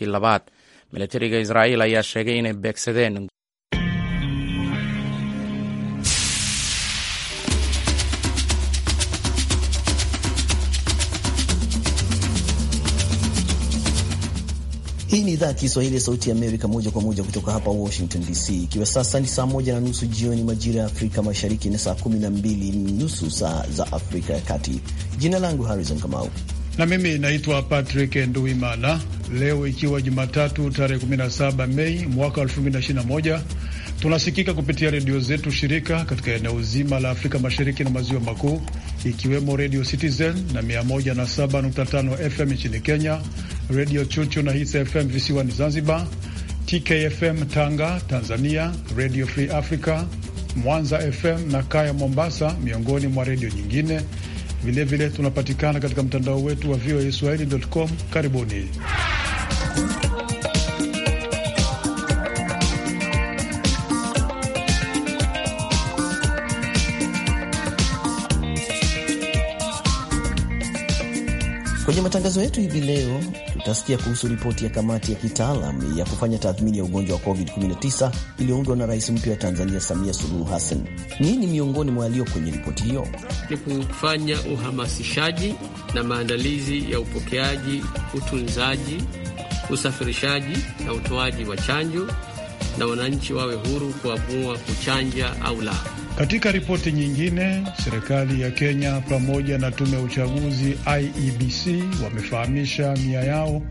markii labaad milatariga Israa'iil ayaa sheegay inay beegsadeen Hii ni idhaa ya Kiswahili ya Sauti ya Amerika, moja kwa moja kutoka hapa Washington DC, ikiwa sasa ni saa moja na nusu jioni majira ya Afrika Mashariki na saa kumi na mbili nusu saa za Afrika ya Kati. Jina langu Harrison Kamau na mimi naitwa Patrick Nduimana. Leo ikiwa Jumatatu tarehe 17 Mei mwaka 2021 tunasikika kupitia redio zetu shirika katika eneo zima la Afrika Mashariki na Maziwa Makuu, ikiwemo Redio Citizen na 107.5 FM nchini Kenya, Redio Chuchu na Hits FM visiwani Zanzibar, TKFM Tanga Tanzania, Radio Free Africa Mwanza FM na Kaya Mombasa, miongoni mwa redio nyingine Vilevile tunapatikana katika mtandao wetu wa voa Swahili.com. Karibuni. Kwenye matangazo yetu hivi leo tutasikia kuhusu ripoti ya kamati ya kitaalam ya kufanya tathmini ya ugonjwa wa COVID-19 iliyoundwa na rais mpya wa Tanzania Samia Suluhu Hassan. Nini miongoni mwa yaliyo kwenye ripoti hiyo? Ni kufanya uhamasishaji na maandalizi ya upokeaji, utunzaji, usafirishaji na utoaji wa chanjo na wananchi wawe huru kuamua kuchanja au la. Katika ripoti nyingine, serikali ya Kenya pamoja na tume ya uchaguzi IEBC wamefahamisha nia yao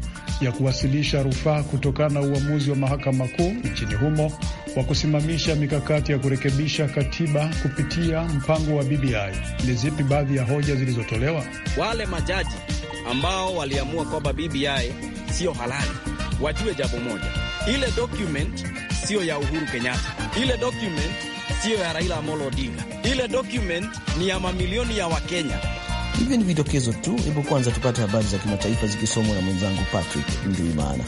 ya kuwasilisha rufaa kutokana na uamuzi wa mahakama kuu nchini humo wa kusimamisha mikakati ya kurekebisha katiba kupitia mpango wa BBI. Ni zipi baadhi ya hoja zilizotolewa? Wale majaji ambao waliamua kwamba BBI siyo halali wajue jambo moja, ile document sio ya Uhuru Kenyatta. Ile document siyo ya Raila Amolo Odinga. Ile document ni ya mamilioni ya Wakenya. Hivi ni vidokezo tu. Hebu kwanza tupate habari za kimataifa zikisomwa na mwenzangu Patrick Ndimana.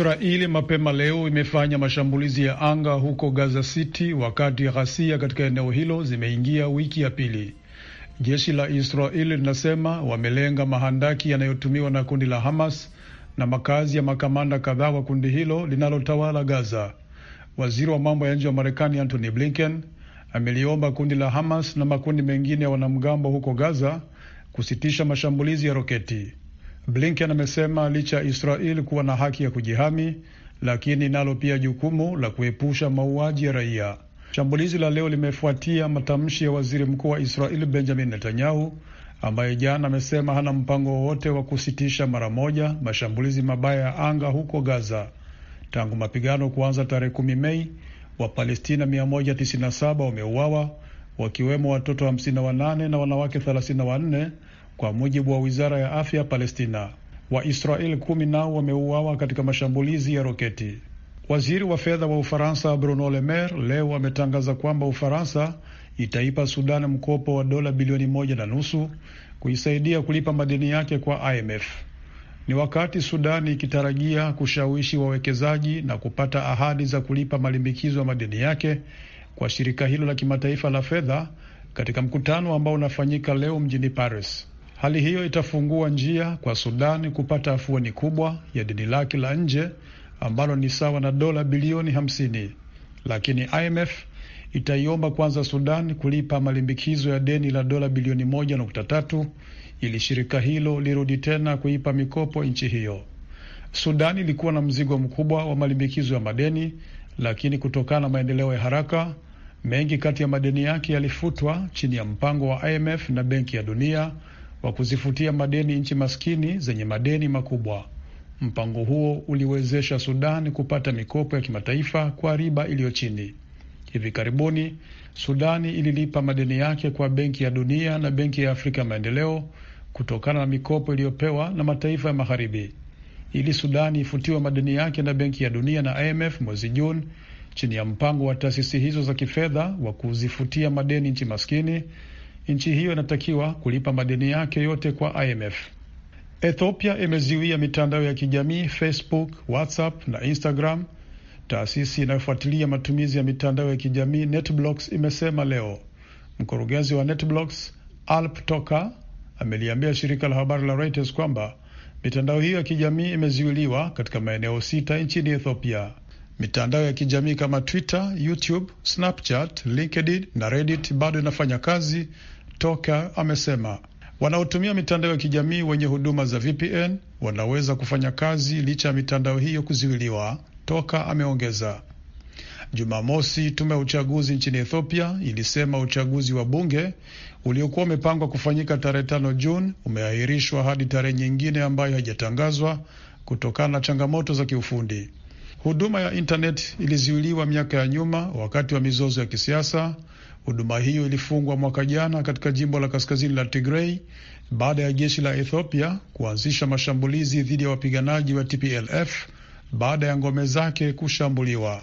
Israeli mapema leo imefanya mashambulizi ya anga huko Gaza City wakati ghasia katika eneo hilo zimeingia wiki ya pili. Jeshi la Israeli linasema wamelenga mahandaki yanayotumiwa na kundi la Hamas na makazi ya makamanda kadhaa wa kundi hilo linalotawala Gaza. Waziri wa mambo ya nje wa Marekani Antony Blinken ameliomba kundi la Hamas na makundi mengine ya wanamgambo huko Gaza kusitisha mashambulizi ya roketi. Blinken amesema licha ya Israel kuwa na haki ya kujihami, lakini nalo pia jukumu la kuepusha mauaji ya raia. Shambulizi la leo limefuatia matamshi ya waziri mkuu wa Israel Benjamin Netanyahu ambaye jana amesema hana mpango wowote wa kusitisha mara moja mashambulizi mabaya ya anga huko Gaza. Tangu mapigano kuanza tarehe kumi Mei, Wapalestina 197 wameuawa wakiwemo watoto 58 na wanawake 34 kwa mujibu wa wizara ya afya Palestina. Waisraeli kumi nao wameuawa katika mashambulizi ya roketi. Waziri wa fedha wa Ufaransa Bruno Le Maire leo ametangaza kwamba Ufaransa itaipa Sudan mkopo wa dola bilioni moja na nusu kuisaidia kulipa madeni yake kwa IMF. Ni wakati Sudani ikitarajia kushawishi wawekezaji na kupata ahadi za kulipa malimbikizo ya madeni yake kwa shirika hilo la kimataifa la fedha katika mkutano ambao unafanyika leo mjini Paris. Hali hiyo itafungua njia kwa Sudani kupata afueni kubwa ya deni lake la nje ambalo ni sawa na dola bilioni hamsini, lakini IMF itaiomba kwanza Sudan kulipa malimbikizo ya deni la dola bilioni moja nukta tatu ili shirika hilo lirudi tena kuipa mikopo nchi hiyo. Sudan ilikuwa na mzigo mkubwa wa malimbikizo ya madeni, lakini kutokana na maendeleo ya haraka mengi kati ya madeni yake yalifutwa chini ya mpango wa IMF na Benki ya Dunia wa kuzifutia madeni nchi maskini zenye madeni makubwa. Mpango huo uliwezesha Sudan kupata mikopo ya kimataifa kwa riba iliyo chini. Hivi karibuni Sudani ililipa madeni yake kwa Benki ya Dunia na Benki ya Afrika ya Maendeleo kutokana na mikopo iliyopewa na mataifa ya Magharibi. Ili Sudani ifutiwe madeni yake na Benki ya Dunia na IMF mwezi Juni chini ya mpango wa taasisi hizo za kifedha wa kuzifutia madeni nchi maskini, nchi hiyo inatakiwa kulipa madeni yake yote kwa IMF. Ethiopia imeziwia mitandao ya kijamii Facebook, WhatsApp na Instagram. Taasisi inayofuatilia matumizi ya mitandao ya kijamii NetBlocks imesema leo. Mkurugenzi wa NetBlocks Alp Toka ameliambia shirika la habari la Reuters kwamba mitandao hiyo ya kijamii imeziwiliwa katika maeneo sita nchini Ethiopia. Mitandao ya kijamii kama Twitter, YouTube, Snapchat, LinkedIn na Reddit bado inafanya kazi Toka amesema wanaotumia mitandao ya kijamii wenye huduma za VPN wanaweza kufanya kazi licha ya mitandao hiyo kuziwiliwa. Toka ameongeza Jumamosi, tume ya uchaguzi nchini Ethiopia ilisema uchaguzi wa bunge uliokuwa umepangwa kufanyika tarehe tano Juni umeahirishwa hadi tarehe nyingine ambayo haijatangazwa kutokana na changamoto za kiufundi. Huduma ya intaneti ilizuiliwa miaka ya nyuma wakati wa mizozo ya kisiasa, Huduma hiyo ilifungwa mwaka jana katika jimbo la kaskazini la Tigrei baada ya jeshi la Ethiopia kuanzisha mashambulizi dhidi ya wapiganaji wa TPLF baada ya ngome zake kushambuliwa.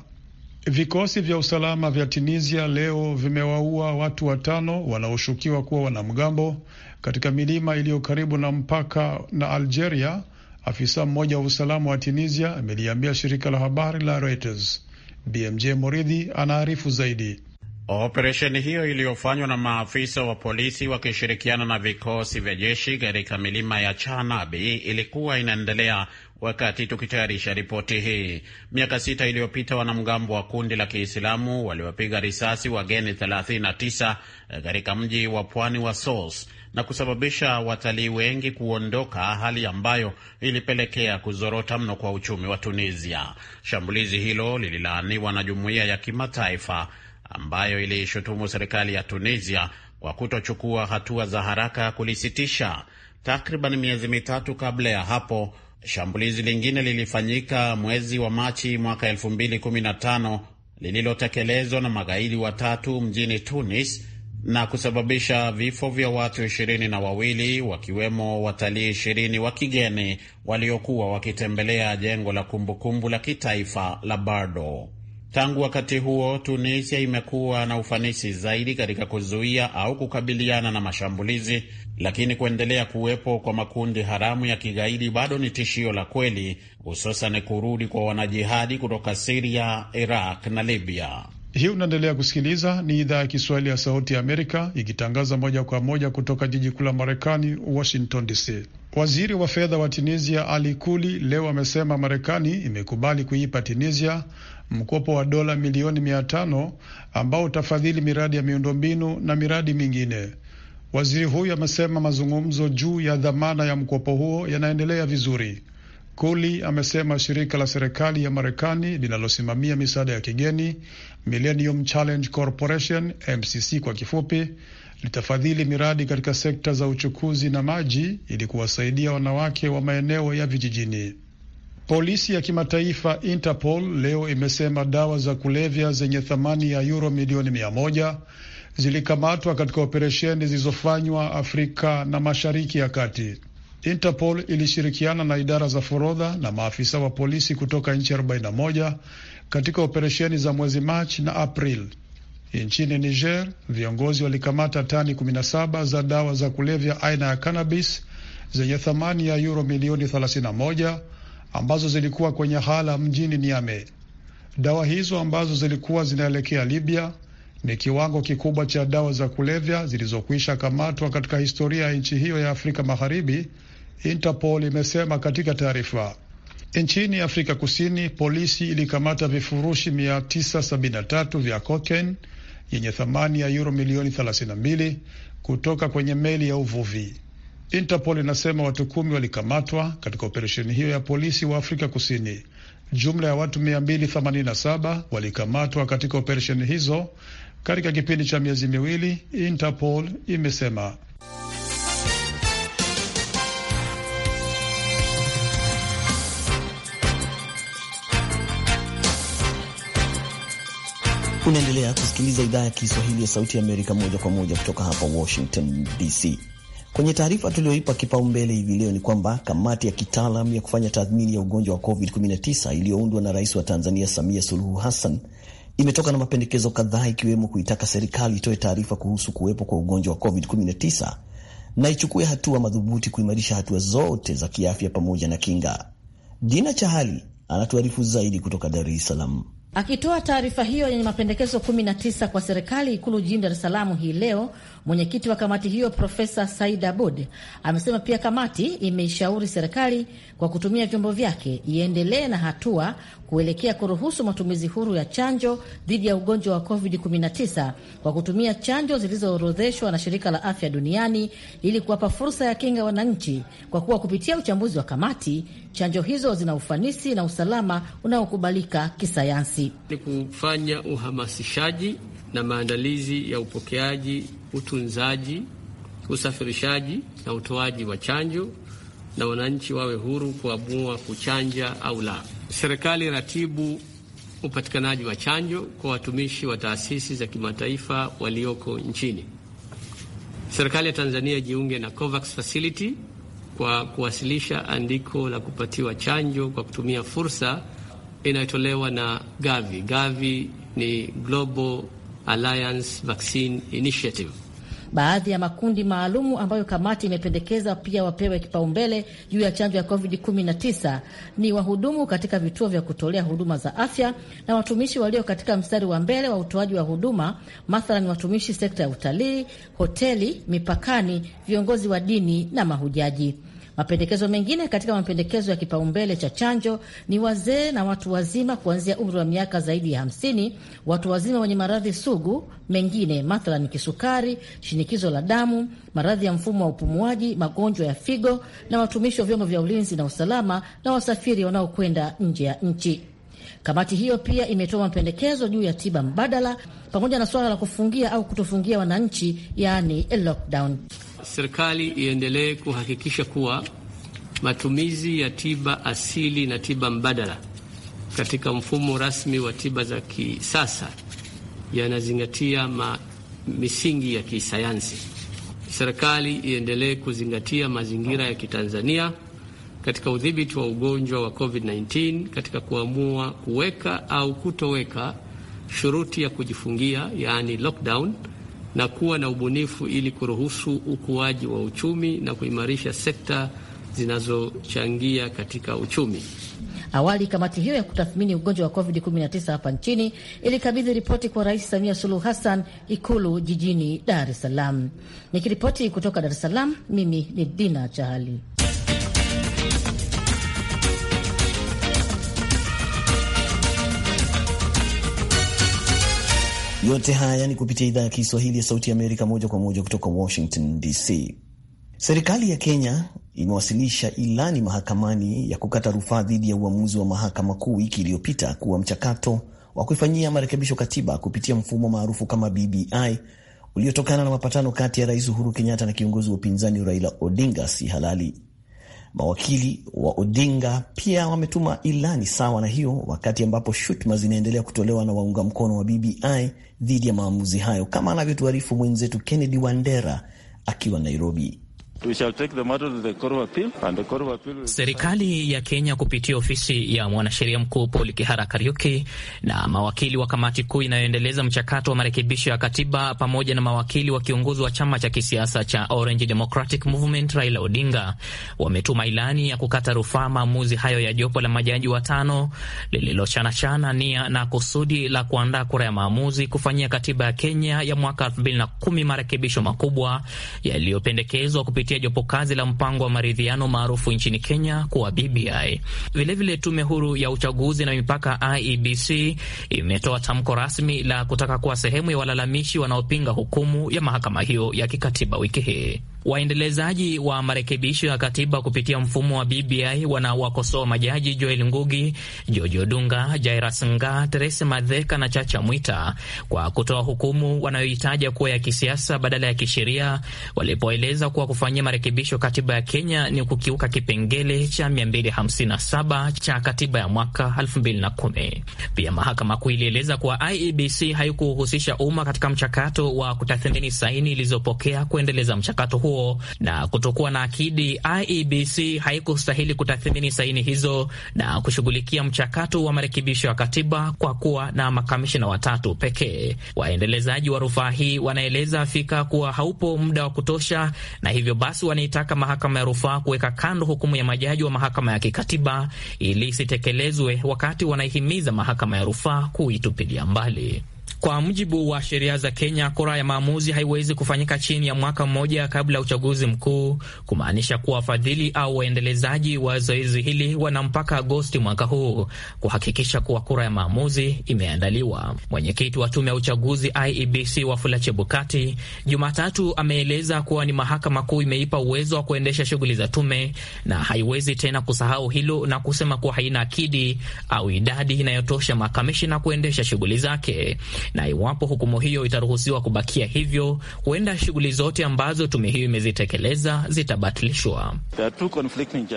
Vikosi vya usalama vya Tunisia leo vimewaua watu watano wanaoshukiwa kuwa wanamgambo katika milima iliyo karibu na mpaka na Algeria. Afisa mmoja wa usalama wa Tunisia ameliambia shirika la habari la Reuters. BMJ Moridhi anaarifu zaidi. Operesheni hiyo iliyofanywa na maafisa wa polisi wakishirikiana na vikosi vya jeshi katika milima ya Chanabi ilikuwa inaendelea wakati tukitayarisha ripoti hii. Miaka sita iliyopita, wanamgambo wa kundi la Kiislamu waliwapiga risasi wageni 39 katika mji wa pwani wa Sousse na kusababisha watalii wengi kuondoka, hali ambayo ilipelekea kuzorota mno kwa uchumi wa Tunisia. Shambulizi hilo lililaaniwa na jumuiya ya kimataifa ambayo iliishutumu serikali ya Tunisia kwa kutochukua hatua za haraka kulisitisha. Takriban miezi mitatu kabla ya hapo, shambulizi lingine lilifanyika mwezi wa Machi mwaka 2015 lililotekelezwa na magaidi watatu mjini Tunis na kusababisha vifo vya watu ishirini na wawili wakiwemo watalii ishirini wa kigeni waliokuwa wakitembelea jengo la kumbukumbu la kitaifa la Bardo. Tangu wakati huo Tunisia imekuwa na ufanisi zaidi katika kuzuia au kukabiliana na mashambulizi, lakini kuendelea kuwepo kwa makundi haramu ya kigaidi bado ni tishio la kweli, hususan kurudi kwa wanajihadi kutoka Siria, Iraq na Libya. Hii unaendelea kusikiliza, ni idhaa ya Kiswahili ya Sauti ya Amerika ikitangaza moja kwa moja kutoka jiji kuu la Marekani, Washington DC. Waziri wa fedha wa Tunisia Ali Kuli leo amesema Marekani imekubali kuipa Tunisia mkopo wa dola milioni mia tano ambao utafadhili miradi ya miundombinu na miradi mingine. Waziri huyu amesema mazungumzo juu ya dhamana ya mkopo huo yanaendelea vizuri. Kuli amesema shirika la serikali ya Marekani linalosimamia misaada ya kigeni Millennium Challenge Corporation, MCC kwa kifupi, litafadhili miradi katika sekta za uchukuzi na maji ili kuwasaidia wanawake wa maeneo ya vijijini. Polisi ya kimataifa Interpol leo imesema dawa za kulevya zenye thamani ya yuro milioni mia moja zilikamatwa katika operesheni zilizofanywa Afrika na Mashariki ya Kati. Interpol ilishirikiana na idara za forodha na maafisa wa polisi kutoka nchi 41 katika operesheni za mwezi Machi na April. Nchini Niger, viongozi walikamata tani 17 za dawa za kulevya aina ya cannabis zenye thamani ya yuro milioni ambazo zilikuwa kwenye hala mjini Niamey. Dawa hizo ambazo zilikuwa zinaelekea Libya ni kiwango kikubwa cha dawa za kulevya zilizokwisha kamatwa katika historia ya nchi hiyo ya Afrika Magharibi, Interpol imesema katika taarifa. Nchini Afrika Kusini, polisi ilikamata vifurushi 973 vya cocaine yenye thamani ya euro milioni 32 kutoka kwenye meli ya uvuvi. Interpol inasema watu kumi walikamatwa katika operesheni hiyo ya polisi wa Afrika Kusini. Jumla ya watu 287 walikamatwa katika operesheni hizo katika kipindi cha miezi miwili, Interpol imesema. Unaendelea kusikiliza idhaa ya Kiswahili ya Sauti ya Amerika moja kwa moja kutoka hapa Washington DC. Kwenye taarifa tulioipa kipaumbele hivi leo ni kwamba kamati ya kitaalam ya kufanya tathmini ya ugonjwa wa COVID-19 iliyoundwa na rais wa Tanzania Samia Suluhu Hassan imetoka na mapendekezo kadhaa ikiwemo kuitaka serikali itoe taarifa kuhusu kuwepo kwa ugonjwa wa COVID-19 na ichukue hatua madhubuti kuimarisha hatua zote za kiafya pamoja na kinga. Dina Chahali anatuarifu zaidi kutoka Dar es Salaam. Akitoa taarifa hiyo yenye mapendekezo 19 kwa serikali Ikulu jijini Dar es Salaam hii leo Mwenyekiti wa kamati hiyo Profesa Said Abud amesema pia kamati imeishauri serikali kwa kutumia vyombo vyake iendelee na hatua kuelekea kuruhusu matumizi huru ya chanjo dhidi ya ugonjwa wa COVID-19 kwa kutumia chanjo zilizoorodheshwa na Shirika la Afya Duniani ili kuwapa fursa ya kinga wananchi, kwa kuwa kupitia uchambuzi wa kamati, chanjo hizo zina ufanisi na usalama unaokubalika kisayansi. Ni kufanya uhamasishaji na maandalizi ya upokeaji, utunzaji, usafirishaji na utoaji wa chanjo na wananchi wawe huru kuamua kuchanja au la. Serikali ratibu upatikanaji wa chanjo kwa watumishi wa taasisi za kimataifa walioko nchini. Serikali ya Tanzania ijiunge na COVAX Facility kwa kuwasilisha andiko la kupatiwa chanjo kwa kutumia fursa inayotolewa na Gavi. Gavi ni Global Alliance Vaccine Initiative. Baadhi ya makundi maalumu ambayo kamati imependekeza pia wapewe kipaumbele juu ya chanjo ya COVID-19 ni wahudumu katika vituo vya kutolea huduma za afya na watumishi walio katika mstari wa mbele wa utoaji wa huduma, mathalan watumishi sekta ya utalii, hoteli, mipakani, viongozi wa dini na mahujaji. Mapendekezo mengine katika mapendekezo ya kipaumbele cha chanjo ni wazee na watu wazima kuanzia umri wa miaka zaidi ya hamsini, watu wazima wenye maradhi sugu mengine mathalan kisukari, shinikizo la damu, maradhi ya mfumo wa upumuaji, magonjwa ya figo, na watumishi wa vyombo vya ulinzi na usalama na wasafiri wanaokwenda nje ya nchi. Kamati hiyo pia imetoa mapendekezo juu ya tiba mbadala pamoja na suala la kufungia au kutofungia wananchi, yaani lockdown serikali iendelee kuhakikisha kuwa matumizi ya tiba asili na tiba mbadala katika mfumo rasmi wa tiba za kisasa yanazingatia misingi ya kisayansi. Serikali iendelee kuzingatia mazingira ya Kitanzania katika udhibiti wa ugonjwa wa COVID-19 katika kuamua kuweka au kutoweka shuruti ya kujifungia, yaani lockdown na kuwa na ubunifu ili kuruhusu ukuaji wa uchumi na kuimarisha sekta zinazochangia katika uchumi. Awali kamati hiyo ya kutathmini ugonjwa wa COVID-19 hapa nchini ilikabidhi ripoti kwa Rais Samia Suluhu Hassan Ikulu jijini Dar es Salaam. Nikiripoti kutoka Dar es Salaam, mimi ni Dina Chahali. Yote haya ni kupitia idhaa ya Kiswahili ya Sauti ya Amerika, moja kwa moja kutoka Washington DC. Serikali ya Kenya imewasilisha ilani mahakamani ya kukata rufaa dhidi ya uamuzi wa mahakama kuu wiki iliyopita kuwa mchakato wa kuifanyia marekebisho katiba kupitia mfumo maarufu kama BBI uliotokana na mapatano kati ya Rais Uhuru Kenyatta na kiongozi wa upinzani Raila Odinga si halali Mawakili wa Odinga pia wametuma ilani sawa na hiyo, wakati ambapo shutuma zinaendelea kutolewa na waunga mkono wa BBI dhidi ya maamuzi hayo, kama anavyotuarifu mwenzetu Kennedy Wandera akiwa Nairobi. Serikali ya Kenya kupitia ofisi ya mwanasheria mkuu Paul Kihara Kariuki na mawakili wa kamati kuu inayoendeleza mchakato wa marekebisho ya katiba pamoja na mawakili wa kiongozi wa chama cha kisiasa cha Orange Democratic Movement Raila Odinga wametuma ilani ya kukata rufaa maamuzi hayo ya jopo la majaji watano lililochanachana nia na kusudi la kuandaa kura ya maamuzi kufanyia katiba ya Kenya ya mwaka 2010 marekebisho makubwa yaliyopendekezwa kupitia jopo kazi la mpango wa maridhiano maarufu nchini Kenya kuwa BBI. Vilevile, tume huru ya uchaguzi na mipaka IEBC imetoa tamko rasmi la kutaka kuwa sehemu ya walalamishi wanaopinga hukumu ya mahakama hiyo ya kikatiba wiki hii. Waendelezaji wa marekebisho ya katiba kupitia mfumo wa BBI wanawakosoa majaji Joel Ngugi, George Odunga, Jairus Ngaah, Teresa Madheka na Chacha Mwita kwa kutoa hukumu wanayoitaja kuwa ya kisiasa badala ya kisheria, walipoeleza kuwa kufanyia marekebisho katiba ya Kenya ni kukiuka kipengele cha 257 cha katiba ya mwaka 2010. Pia mahakama kuu ilieleza kuwa IEBC haikuhusisha umma katika mchakato wa kutathmini saini ilizopokea kuendeleza mchakato huo na kutokuwa na akidi, IEBC haikustahili kutathmini saini hizo na kushughulikia mchakato wa marekebisho ya katiba kwa kuwa na makamishina watatu pekee. Waendelezaji wa rufaa hii wanaeleza fika kuwa haupo muda wa kutosha, na hivyo basi wanaitaka mahakama ya rufaa kuweka kando hukumu ya majaji wa mahakama ya kikatiba ili isitekelezwe, wakati wanaihimiza mahakama ya rufaa kuitupilia mbali. Kwa mujibu wa sheria za Kenya, kura ya maamuzi haiwezi kufanyika chini ya mwaka mmoja kabla ya uchaguzi mkuu, kumaanisha kuwa wafadhili au waendelezaji wa zoezi hili wana mpaka Agosti mwaka huu kuhakikisha kuwa kura ya maamuzi imeandaliwa. Mwenyekiti wa tume ya uchaguzi IEBC Wafula Chebukati Jumatatu ameeleza kuwa ni mahakama kuu imeipa uwezo wa kuendesha shughuli za tume na haiwezi tena kusahau hilo, na kusema kuwa haina akidi au idadi inayotosha makamishina kuendesha shughuli zake na iwapo hukumu hiyo itaruhusiwa kubakia hivyo, huenda shughuli zote ambazo tume hiyo imezitekeleza zitabatilishwa.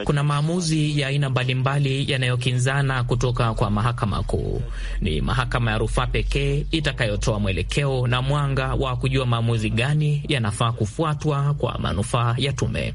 Kuna maamuzi ya aina mbalimbali yanayokinzana kutoka kwa mahakama kuu. Ni mahakama ya rufaa pekee itakayotoa mwelekeo na mwanga wa kujua maamuzi gani yanafaa kufuatwa kwa manufaa ya tume.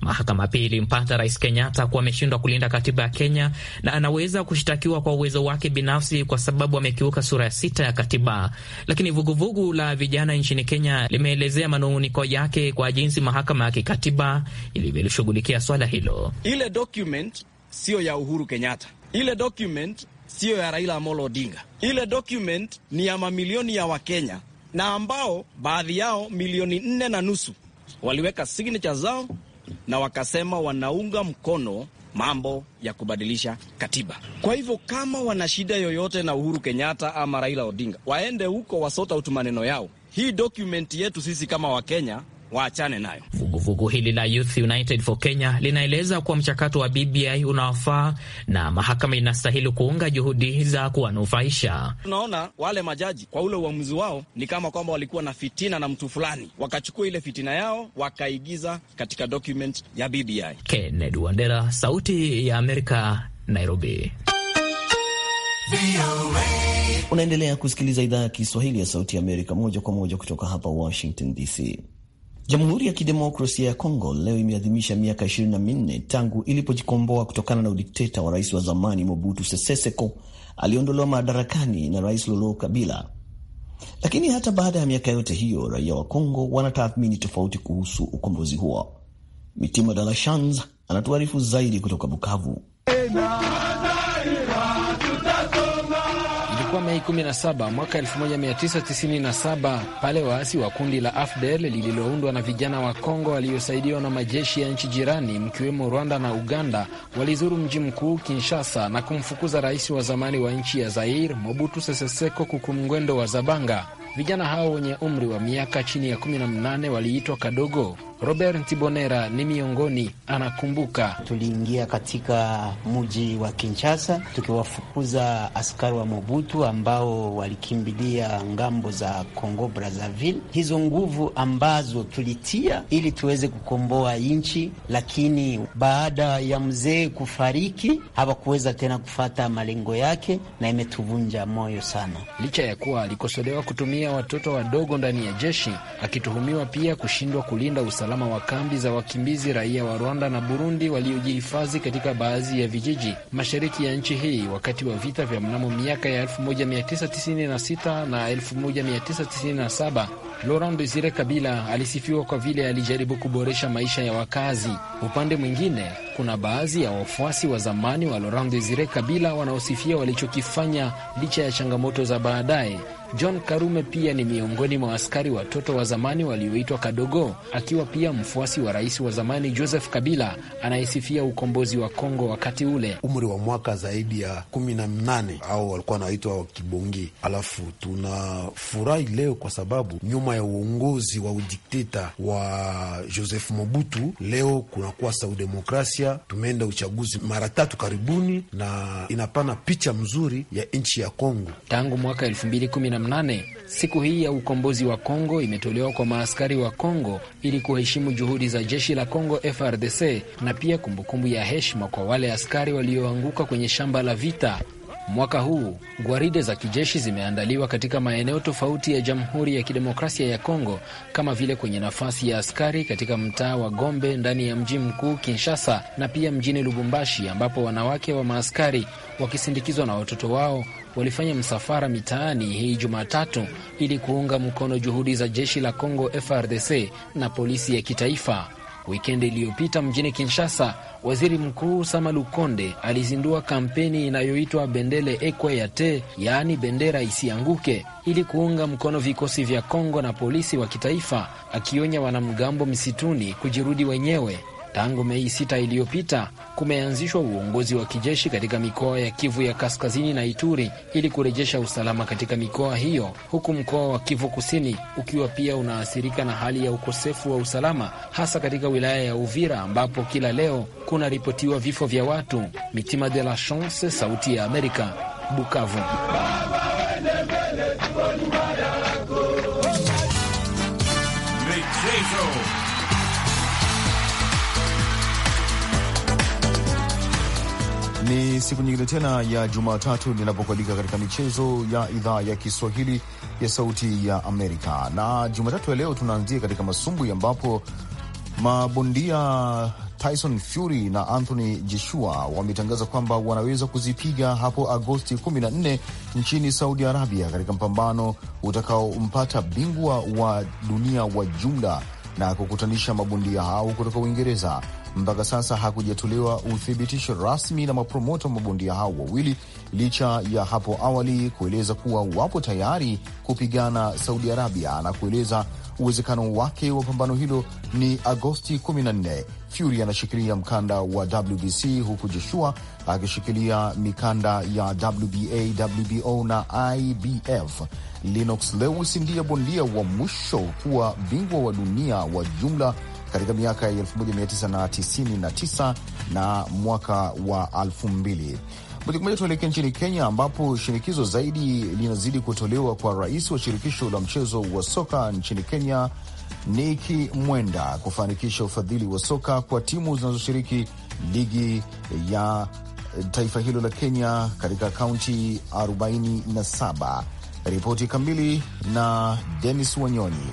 Mahakama pia ilimpata Rais Kenyatta kuwa ameshindwa kulinda katiba ya Kenya na anaweza kushtakiwa kwa uwezo wake binafsi kwa sababu amekiuka sura ya sita ya katiba. Lakini vuguvugu vugu la vijana nchini Kenya limeelezea manung'uniko yake kwa jinsi mahakama ya kikatiba ilivyolishughulikia swala hilo. Ile document siyo ya Uhuru Kenyatta, ile document siyo ya Raila Amolo Odinga, ile document ni ya mamilioni ya Wakenya na ambao baadhi yao milioni nne na nusu waliweka signature zao na wakasema wanaunga mkono mambo ya kubadilisha katiba. Kwa hivyo kama wana shida yoyote na Uhuru Kenyatta ama Raila Odinga, waende huko wasota utu maneno yao. Hii dokumenti yetu sisi kama Wakenya waachane nayo. Vuguvugu hili la Youth United for Kenya linaeleza kuwa mchakato wa BBI unaofaa na mahakama inastahili kuunga juhudi za kuwanufaisha. Tunaona wale majaji kwa ule uamuzi wao ni kama kwamba walikuwa na fitina na mtu fulani, wakachukua ile fitina yao wakaigiza katika document ya BBI. Kennedy Wandera, Sauti ya Amerika, Nairobi. Unaendelea kusikiliza idhaa ya Kiswahili ya Sauti ya Amerika moja kwa moja kutoka hapa Washington DC. Jamhuri ya Kidemokrasia ya Kongo leo imeadhimisha miaka 24 tangu ilipojikomboa kutokana na udikteta wa rais wa zamani Mobutu Sese Seko aliondolewa madarakani na Rais Lolo Kabila. Lakini hata baada ya miaka yote hiyo, raia wa Kongo wanatathmini tofauti kuhusu ukombozi huo. Mitima Dalashans anatuarifu zaidi kutoka Bukavu. Ena ilikuwa Mei 17 mwaka 1997 pale waasi wa kundi la afdel lililoundwa na vijana wa Kongo waliosaidiwa na majeshi ya nchi jirani mkiwemo Rwanda na Uganda walizuru mji mkuu Kinshasa na kumfukuza rais wa zamani wa nchi ya Zair Mobutu Sese Seko Kukumgwendo wa Zabanga. Vijana hao wenye umri wa miaka chini ya 18 waliitwa kadogo Robert Ntibonera ni miongoni, anakumbuka. Tuliingia katika mji wa Kinshasa tukiwafukuza askari wa Mobutu ambao walikimbilia ngambo za Congo Brazzaville. Hizo nguvu ambazo tulitia ili tuweze kukomboa nchi, lakini baada ya mzee kufariki hawakuweza tena kufata malengo yake, na imetuvunja moyo sana. Licha ya kuwa alikosolewa kutumia watoto wadogo ndani ya jeshi, akituhumiwa pia kushindwa kulinda usalama usalama wa kambi za wakimbizi raia wa Rwanda na Burundi waliojihifadhi katika baadhi ya vijiji mashariki ya nchi hii wakati wa vita vya mnamo miaka ya 1996 na 1997. Laurent Desire Kabila alisifiwa kwa vile alijaribu kuboresha maisha ya wakazi. Upande mwingine kuna baadhi ya wafuasi wa zamani wa Laurent Desire Kabila wanaosifia walichokifanya licha ya changamoto za baadaye. John Karume pia ni miongoni mwa askari watoto wa zamani walioitwa kadogo, akiwa pia mfuasi wa rais wa zamani Joseph Kabila anayesifia ukombozi wa Kongo wakati ule, umri wa mwaka zaidi ya kumi na mnane au walikuwa wanaitwa kibongi. Alafu tunafurahi leo kwa sababu nyuma ya uongozi wa udikteta wa Joseph Mobutu leo kunakuwa saudemokrasia tumeenda uchaguzi mara tatu karibuni, na inapana picha mzuri ya nchi ya Kongo. Tangu mwaka 218 siku hii ya ukombozi wa Kongo imetolewa kwa maaskari wa Kongo ili kuheshimu juhudi za jeshi la Kongo FRDC na pia kumbukumbu ya heshima kwa wale askari walioanguka kwenye shamba la vita Mwaka huu gwaride za kijeshi zimeandaliwa katika maeneo tofauti ya Jamhuri ya Kidemokrasia ya Kongo, kama vile kwenye nafasi ya askari katika mtaa wa Gombe ndani ya mji mkuu Kinshasa, na pia mjini Lubumbashi, ambapo wanawake wa maaskari wakisindikizwa na watoto wao walifanya msafara mitaani hii Jumatatu ili kuunga mkono juhudi za jeshi la Kongo frdc na polisi ya kitaifa. Wikendi iliyopita mjini Kinshasa, waziri mkuu Sama Lukonde alizindua kampeni inayoitwa Bendele ya te yaani bendera isianguke, ili kuunga mkono vikosi vya Kongo na polisi wa kitaifa, akionya wanamgambo msituni kujirudi wenyewe Tangu Mei sita iliyopita kumeanzishwa uongozi wa kijeshi katika mikoa ya Kivu ya kaskazini na Ituri ili kurejesha usalama katika mikoa hiyo, huku mkoa wa Kivu kusini ukiwa pia unaathirika na hali ya ukosefu wa usalama, hasa katika wilaya ya Uvira ambapo kila leo kunaripotiwa vifo vya watu. Mitima de la Chance, Sauti ya Amerika, Bukavu. Michezo. Ni siku nyingine tena ya Jumatatu ninapokualika katika michezo ya idhaa ya Kiswahili ya Sauti ya Amerika, na Jumatatu ya leo tunaanzia katika masumbwi ambapo mabondia Tyson Fury na Anthony Joshua wametangaza kwamba wanaweza kuzipiga hapo Agosti 14 nchini Saudi Arabia katika mpambano utakaompata bingwa wa dunia wa jumla na kukutanisha mabondia hao kutoka Uingereza mpaka sasa hakujatolewa uthibitisho rasmi na mapromota wa mabondia hao wawili, licha ya hapo awali kueleza kuwa wapo tayari kupigana Saudi Arabia na kueleza uwezekano wake wa pambano hilo ni Agosti 14. Fury anashikilia mkanda wa WBC huku Joshua akishikilia mikanda ya WBA, WBO na IBF. Lennox Lewis ndiye bondia wa mwisho kuwa bingwa wa dunia wa jumla katika miaka ya 1999 na mwaka wa 2000. Moja kwa moja tuelekee nchini Kenya ambapo shinikizo zaidi linazidi kutolewa kwa rais wa shirikisho la mchezo wa soka nchini Kenya Niki Mwenda kufanikisha ufadhili wa soka kwa timu zinazoshiriki ligi ya taifa hilo la Kenya katika kaunti 47. Ripoti kamili na Denis Wanyonyi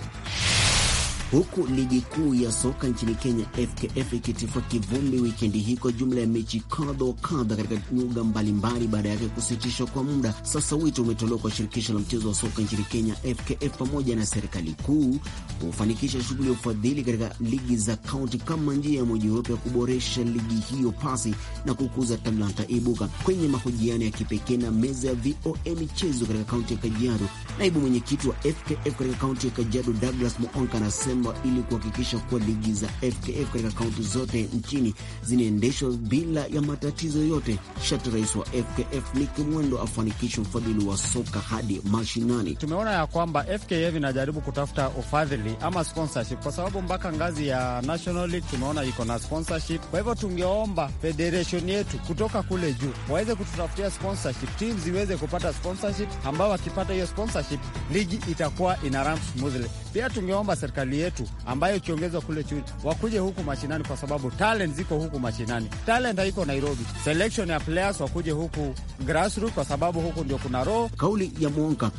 huku ligi kuu ya soka nchini Kenya FKF ikitifua kivumbi wikendi hii kwa jumla ya mechi kadha wa kadha katika nyuga mbalimbali baada yake kusitishwa kwa muda. Sasa wito umetolewa kwa shirikisho la mchezo wa soka nchini Kenya FKF pamoja na serikali kuu kufanikisha shughuli ya ufadhili katika ligi za kaunti kama njia ya mojawapo ya kuboresha ligi hiyo pasi na kukuza talanta ibuka. Kwenye mahojiano ya kipekee na meza ya VOA michezo katika kaunti ya Kajiado, naibu mwenyekiti wa FKF katika kaunti ya Kajiado Douglas Moonka anasema Disemba ili kuhakikisha kuwa ligi za FKF katika kaunti zote nchini zinaendeshwa bila ya matatizo yote, Sharti rais wa FKF Nick Mwendo afanikishe ufadhili wa soka hadi mashinani. Tumeona ya kwamba FKF inajaribu kutafuta ufadhili ama sponsorship, kwa sababu mpaka ngazi ya National League tumeona iko na sponsorship. Kwa hivyo tungeomba federation yetu kutoka kule juu waweze kututafutia sponsorship, teams ziweze kupata sponsorship, ambao wakipata hiyo sponsorship ligi itakuwa ina run smoothly. Pia tungeomba serikali yetu yetu ambayo ikiongezwa kule chui wakuje huku mashinani, kwa sababu talent ziko huku mashinani, talent haiko Nairobi. Selection ya players wakuje huku grassroots, kwa sababu huku ndio kuna roho. Kauli ya Mwonka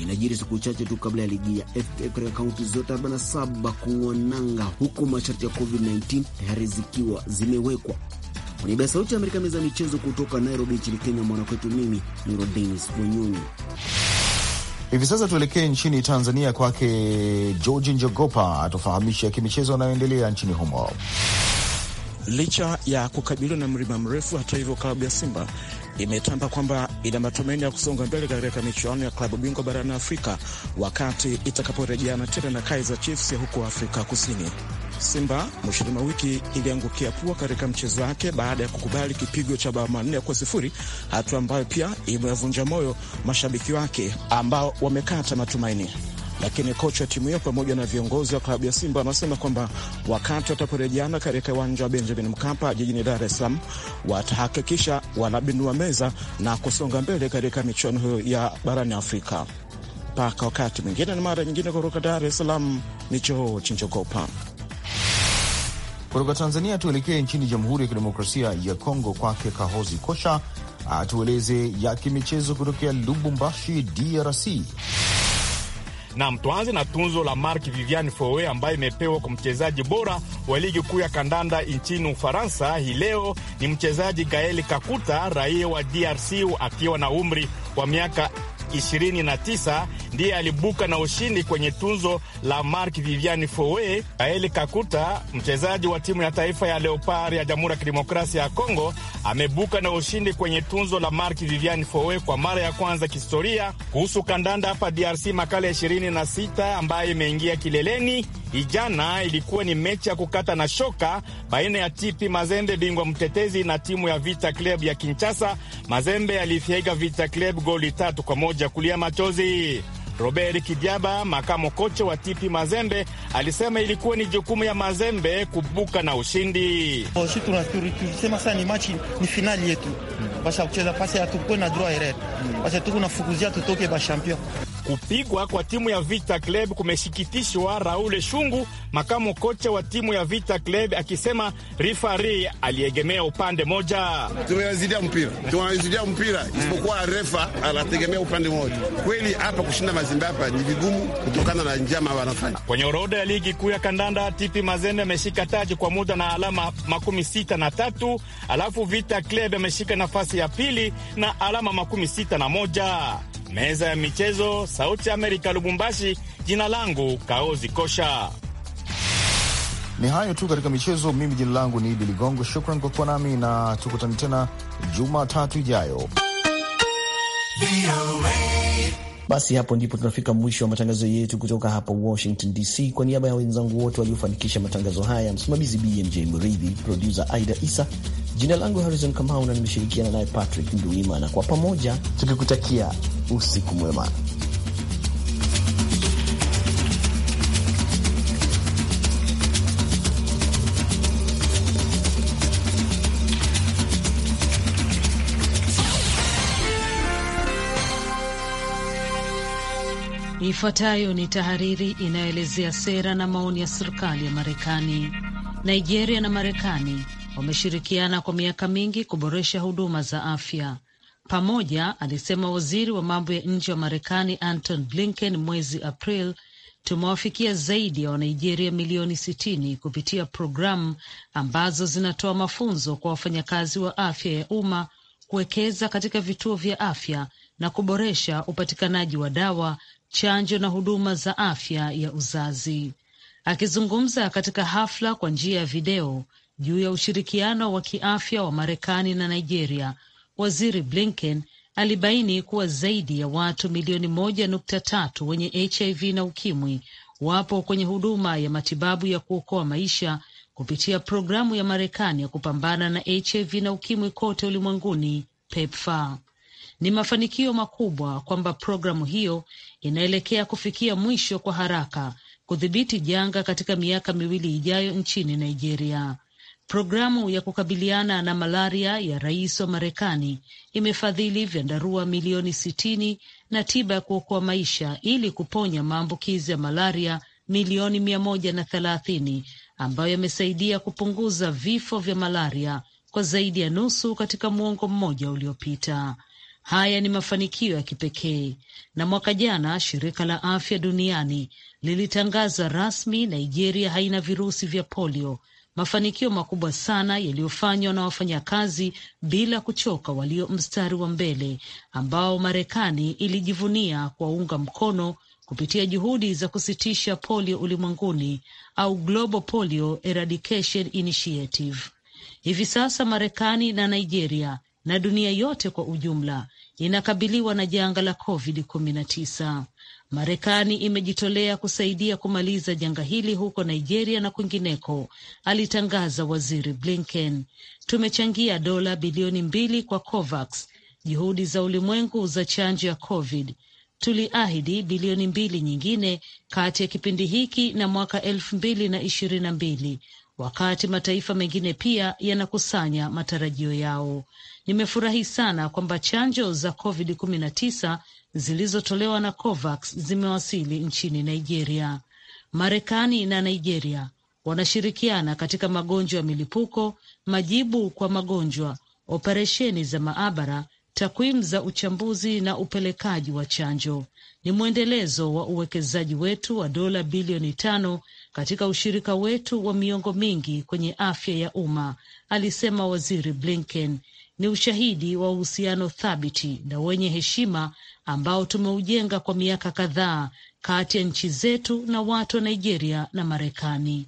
inajiri siku chache tu kabla ya ligi ya FA katika kaunti zote 47 kuonanga, huku masharti ya COVID-19 tayari zikiwa zimewekwa. Kwa niaba ya Sauti ya Amerika, meza ya michezo kutoka Nairobi nchini Kenya, mwanakwetu mimi ni Rodenis Wanyonyi. Hivi sasa tuelekee nchini Tanzania, kwake George Njogopa atufahamishe kimichezo anayoendelea nchini humo. Licha ya kukabiliwa na mlima mrefu, hata hivyo, klabu ya Simba imetamba kwamba ina matumaini ya kusonga mbele katika michuano ya klabu bingwa barani Afrika wakati itakaporejeana tena na Kaizer Chiefs ya huko Afrika Kusini. Simba mwishoni mwa wiki iliangukia pua katika mchezo wake baada ya kukubali kipigo cha bao manne kwa sifuri, hatua ambayo pia imewavunja moyo mashabiki wake ambao wamekata matumaini lakini kocha wa timu hiyo pamoja na viongozi wa klabu ya Simba wanasema kwamba wakati wataporejeana katika uwanja wa Benjamin Mkapa jijini Dar es Salaam watahakikisha wanabinua meza na kusonga mbele katika michuano hiyo ya barani Afrika. Mpaka wakati mwingine na mara nyingine, kutoka Dar es Salaam ni Choo Chinjogopa. Kutoka Tanzania tuelekee nchini Jamhuri ya Kidemokrasia ya Kongo, kwake Kahozi Kosha atueleze ya kimichezo kutokea Lubumbashi, DRC. Nam, tuanze na tunzo la Marc Vivian Foe ambayo imepewa kwa mchezaji bora wa ligi kuu ya kandanda nchini Ufaransa. Hii leo ni mchezaji Gael Kakuta, raia wa DRC akiwa na umri wa miaka 29 ndiye alibuka na ushindi kwenye tunzo la Mark Viviani Foe. Aeli Kakuta, mchezaji wa timu ya taifa ya Leopard ya Jamhuri ya Kidemokrasia ya Kongo, amebuka na ushindi kwenye tunzo la Mark Viviani Foe kwa mara ya kwanza kihistoria. Kuhusu kandanda hapa DRC, makala ya 26 ambayo imeingia kileleni ijana ilikuwa ni mechi ya kukata na shoka baina ya TP Mazembe bingwa mtetezi na timu ya Vita Club ya Kinshasa. Mazembe alifyega Vita Club goli tatu kwa moja ya kulia machozi. Robert Kidiaba, makamo kocha wa Tipi Mazembe, alisema ilikuwa ni jukumu ya Mazembe kubuka na ushindi. sasa ni machi, ni finali yetu, hmm. basi kucheza pasi, na hmm. basi tutoke Kupigwa kwa timu ya Vita Club kumesikitishwa Raul Shungu, makamu kocha wa timu ya Vita Club, akisema rifari aliegemea upande moja. Tumewazidia mpira, tumewazidia mpira, isipokuwa refa anategemea upande moja. Kweli hapa kushinda Mazembe hapa ni vigumu kutokana na njama wanafanya. Kwenye orodha ya ligi kuu ya kandanda, Tipi Mazembe ameshika taji kwa muda na alama makumi sita na tatu alafu Vita Club ameshika nafasi ya pili na alama makumi sita na moja. Meza ya michezo, Sauti Amerika, Lubumbashi. Jina langu Kaozi Kosha. Ni hayo tu katika michezo. Mimi jina langu ni Idi Ligongo, shukran kwa kuwa nami na tukutani tena Jumatatu ijayo. Basi hapo ndipo tunafika mwisho wa matangazo yetu kutoka hapa Washington DC. Kwa niaba ya wenzangu wote waliofanikisha matangazo haya, msimamizi BMJ Mridhi, produsa Aida Isa, Jina langu Harrison Kamau na nimeshirikiana naye Patrick Nduimana, kwa pamoja tukikutakia usiku mwema. Ifuatayo ni tahariri inayoelezea sera na maoni ya serikali ya Marekani. Nigeria na Marekani wameshirikiana kwa miaka mingi kuboresha huduma za afya pamoja, alisema waziri wa mambo ya nje wa Marekani Anton Blinken mwezi April. Tumewafikia zaidi ya Wanigeria milioni sitini kupitia programu ambazo zinatoa mafunzo kwa wafanyakazi wa afya ya umma, kuwekeza katika vituo vya afya na kuboresha upatikanaji wa dawa, chanjo na huduma za afya ya uzazi. Akizungumza katika hafla kwa njia ya video, juu ya ushirikiano wa kiafya wa Marekani na Nigeria. Waziri Blinken alibaini kuwa zaidi ya watu milioni moja nukta tatu wenye HIV na ukimwi wapo kwenye huduma ya matibabu ya kuokoa maisha kupitia programu ya Marekani ya kupambana na HIV na ukimwi kote ulimwenguni, PEPFAR. Ni mafanikio makubwa kwamba programu hiyo inaelekea kufikia mwisho kwa haraka kudhibiti janga katika miaka miwili ijayo nchini Nigeria. Programu ya kukabiliana na malaria ya rais wa Marekani imefadhili vyandarua milioni sitini na tiba ya kuokoa maisha ili kuponya maambukizi ya malaria milioni mia moja na thelathini ambayo yamesaidia kupunguza vifo vya malaria kwa zaidi ya nusu katika muongo mmoja uliopita. Haya ni mafanikio ya kipekee. Na mwaka jana shirika la afya duniani lilitangaza rasmi Nigeria haina virusi vya polio mafanikio makubwa sana yaliyofanywa na wafanyakazi bila kuchoka walio mstari wa mbele ambao Marekani ilijivunia kuwaunga mkono kupitia juhudi za kusitisha polio ulimwenguni au Global Polio Eradication Initiative. Hivi sasa Marekani na Nigeria na dunia yote kwa ujumla inakabiliwa na janga la COVID-19. Marekani imejitolea kusaidia kumaliza janga hili huko Nigeria na kwingineko, alitangaza waziri Blinken. Tumechangia dola bilioni mbili kwa COVAX, juhudi za ulimwengu za chanjo ya COVID. Tuliahidi bilioni mbili nyingine kati ya kipindi hiki na mwaka elfu mbili na ishirini na mbili wakati mataifa mengine pia yanakusanya matarajio yao. Nimefurahi sana kwamba chanjo za COVID-19 zilizotolewa na COVAX zimewasili nchini Nigeria. Marekani na Nigeria wanashirikiana katika magonjwa ya milipuko, majibu kwa magonjwa, operesheni za maabara, takwimu za uchambuzi na upelekaji wa chanjo. Ni mwendelezo wa uwekezaji wetu wa dola bilioni tano katika ushirika wetu wa miongo mingi kwenye afya ya umma, alisema Waziri Blinken. Ni ushahidi wa uhusiano thabiti na wenye heshima ambao tumeujenga kwa miaka kadhaa kati ya nchi zetu na watu wa Nigeria na Marekani.